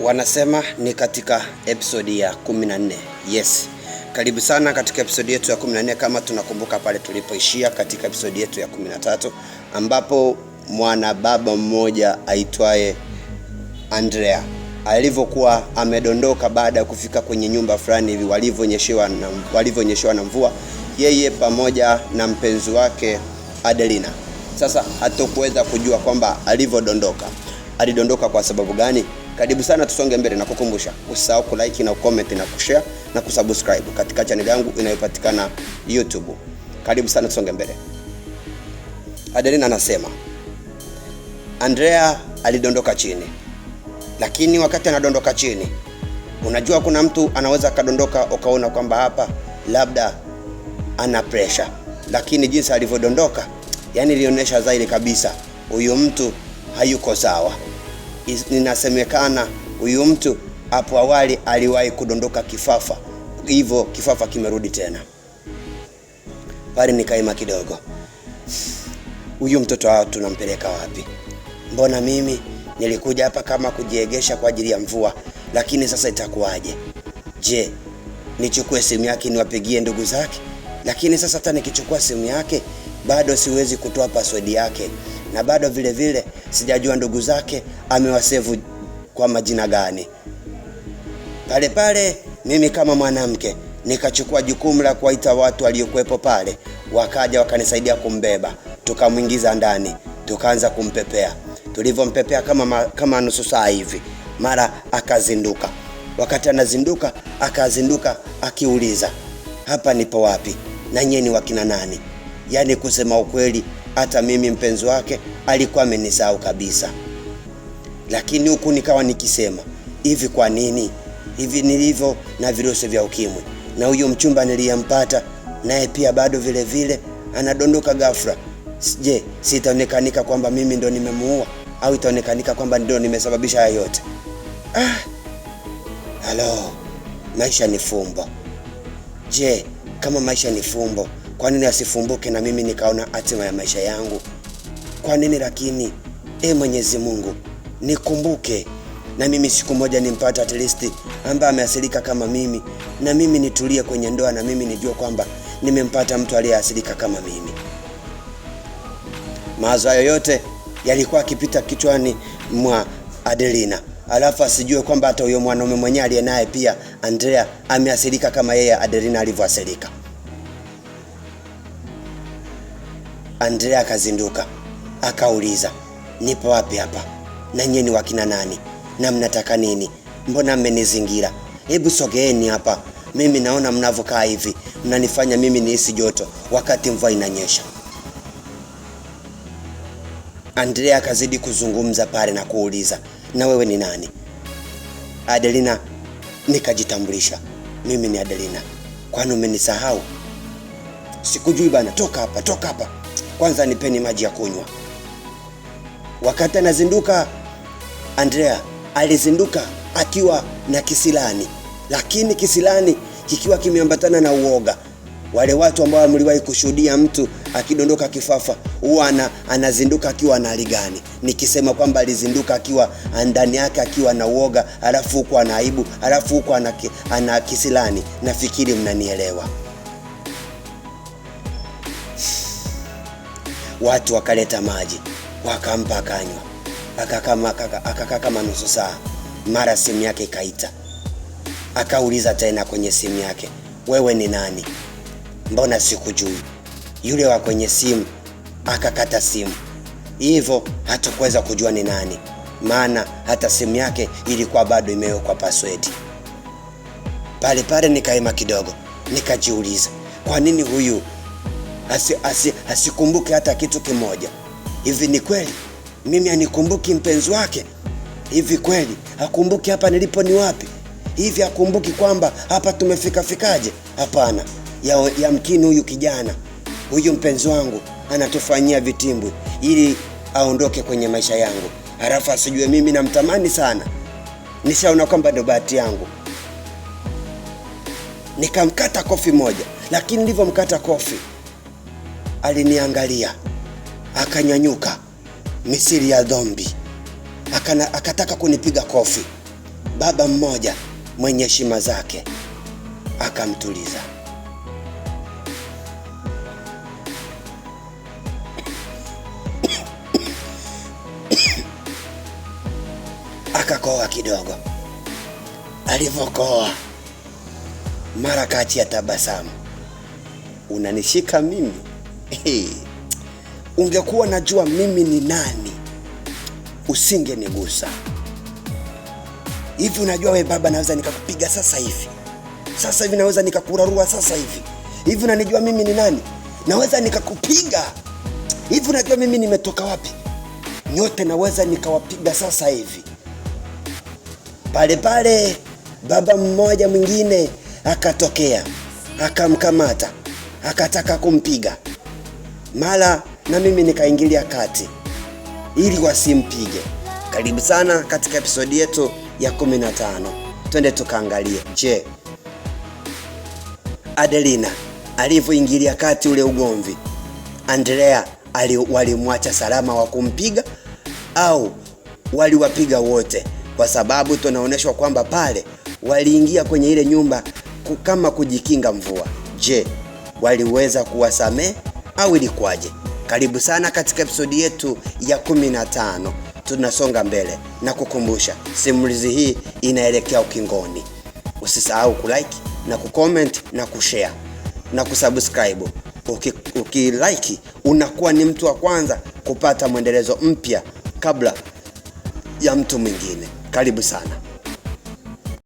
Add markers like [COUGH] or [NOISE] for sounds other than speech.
Wanasema ni katika episodi ya 14. Yes. Karibu sana katika episodi yetu ya 14 kama tunakumbuka pale tulipoishia katika episodi yetu ya 13 ambapo mwana baba mmoja aitwaye Andrea alivyokuwa amedondoka baada ya kufika kwenye nyumba fulani hivi walivyoonyeshewa na na mvua, yeye pamoja na mpenzi wake Adelina. Sasa hatokuweza kujua kwamba alivyodondoka alidondoka kwa sababu gani? Karibu sana, tusonge mbele na kukumbusha, usisahau like na comment na kushare na kusubscribe katika chaneli yangu inayopatikana YouTube. Karibu sana, tusonge mbele. Adelina anasema Andrea alidondoka chini, lakini wakati anadondoka chini, unajua kuna mtu anaweza akadondoka ukaona kwamba hapa labda ana pressure, lakini jinsi alivyodondoka, yani ilionyesha zaidi kabisa huyu mtu hayuko sawa inasemekana huyu mtu hapo awali aliwahi kudondoka kifafa, hivyo kifafa kimerudi tena pale. Nikaima kidogo, huyu mtoto wao tunampeleka wapi? Mbona mimi nilikuja hapa kama kujiegesha kwa ajili ya mvua, lakini sasa itakuwaje? Je, nichukue simu yake niwapigie ndugu zake? Lakini sasa hata nikichukua simu yake bado siwezi kutoa password yake na bado vile vile sijajua ndugu zake amewasevu kwa majina gani. Pale pale mimi kama mwanamke nikachukua jukumu la kuwaita watu waliokuwepo pale, wakaja wakanisaidia kumbeba, tukamwingiza ndani, tukaanza kumpepea. Tulivyompepea kama, kama nusu saa hivi, mara akazinduka. Wakati anazinduka akazinduka akiuliza, hapa nipo wapi? Na nyie ni wakina nani? Yaani kusema ukweli hata mimi mpenzi wake alikuwa amenisahau kabisa. Lakini huku nikawa nikisema hivi, kwa nini hivi nilivyo na virusi vya ukimwi, na huyo mchumba niliyempata naye pia bado vile vile anadondoka ghafla. Je, itaonekanika kwamba mimi ndo nimemuua au itaonekanika kwamba ndio nimesababisha haya yote? Ah, halo, maisha ni fumbo. Je, kama maisha ni fumbo kwa nini asifumbuke na mimi nikaona hatima ya maisha yangu? Kwa nini lakini? E Mwenyezi Mungu, nikumbuke na mimi siku moja nimpata at least ambaye ameasilika kama mimi, na mimi nitulie kwenye ndoa, na mimi nijue kwamba nimempata mtu aliyeasilika kama mimi. Mawazo hayo yote yalikuwa akipita kichwani mwa Adelina, alafu asijue kwamba hata huyo mwanaume mwenyewe aliye naye pia Andrea ameasilika kama yeye Adelina alivyoasilika. Andrea akazinduka akauliza, nipo wapi hapa? Na nyinyi ni wakina nani na mnataka nini? Mbona mmenizingira? Hebu sogeeni hapa, mimi naona mnavyokaa hivi mnanifanya mimi nihisi joto wakati mvua inanyesha. Andrea akazidi kuzungumza pale na kuuliza, na wewe ni nani? Adelina nikajitambulisha, mimi ni Adelina. Kwani umenisahau? Sikujui bana, toka hapa, toka hapa kwanza nipeni maji ya kunywa. Wakati anazinduka Andrea alizinduka akiwa na kisilani, lakini kisilani kikiwa kimeambatana na uoga. Wale watu ambao mliwahi kushuhudia mtu akidondoka kifafa huwa ana, anazinduka akiwa na hali gani? Nikisema kwamba alizinduka akiwa ndani yake akiwa na uoga, alafu huko ana aibu, alafu huko ana kisilani, nafikiri mnanielewa. watu wakaleta maji wakampa akanywa, akakaa kama nusu saa, mara simu yake ikaita, akauliza tena kwenye simu yake, wewe ni nani? Mbona sikujui? Yule wa kwenye simu akakata simu, hivyo hatukuweza kujua ni nani, maana hata simu yake ilikuwa bado imewekwa password. Pale pale nikaema kidogo, nikajiuliza kwa nini huyu asi, asi, asikumbuke hata kitu kimoja. Hivi ni kweli mimi anikumbuki mpenzi wake? Hivi kweli akumbuki hapa nilipo ni wapi? Hivi akumbuki kwamba hapa tumefikafikaje? Hapana, ya ya huyu kijana huyu mpenzi wangu anatufanyia vitimbwi ili aondoke kwenye maisha yangu, halafu asijue mimi namtamani sana. Nishaona kwamba ndo bahati yangu, nikamkata kofi moja, lakini nilivyomkata kofi aliniangalia akanyanyuka misiri ya dhombi akana, akataka kunipiga kofi. Baba mmoja mwenye heshima zake akamtuliza. [COUGHS] Akakoa kidogo. Alivyokoa mara kati ya tabasamu, unanishika mimi? hey, eh, ungekuwa najua mimi ni nani usingenigusa hivi. Unajua we baba, naweza nikakupiga sasa hivi, sasa hivi naweza nikakurarua sasa hivi. Hivi unanijua mimi ni nani? Naweza nikakupiga hivi. Unajua mimi nimetoka wapi? Nyote naweza nikawapiga sasa hivi. Pale pale baba mmoja mwingine akatokea, akamkamata, akataka kumpiga mara na mimi nikaingilia kati ili wasimpige. Karibu sana katika episodi yetu ya 15. Twende tukaangalie, je, Adelina alivyoingilia kati ule ugomvi, Andrea walimwacha salama wa kumpiga au waliwapiga wote? Kwa sababu tunaonyeshwa kwamba pale waliingia kwenye ile nyumba kama kujikinga mvua. Je, waliweza kuwasamehe au ilikuwaje? Karibu sana katika episodi yetu ya 15. Tunasonga mbele na kukumbusha simulizi hii inaelekea ukingoni. Usisahau kulike na kucomment na kushare na kusubscribe. Ukilike unakuwa ni mtu wa kwanza kupata mwendelezo mpya kabla ya mtu mwingine. Karibu sana.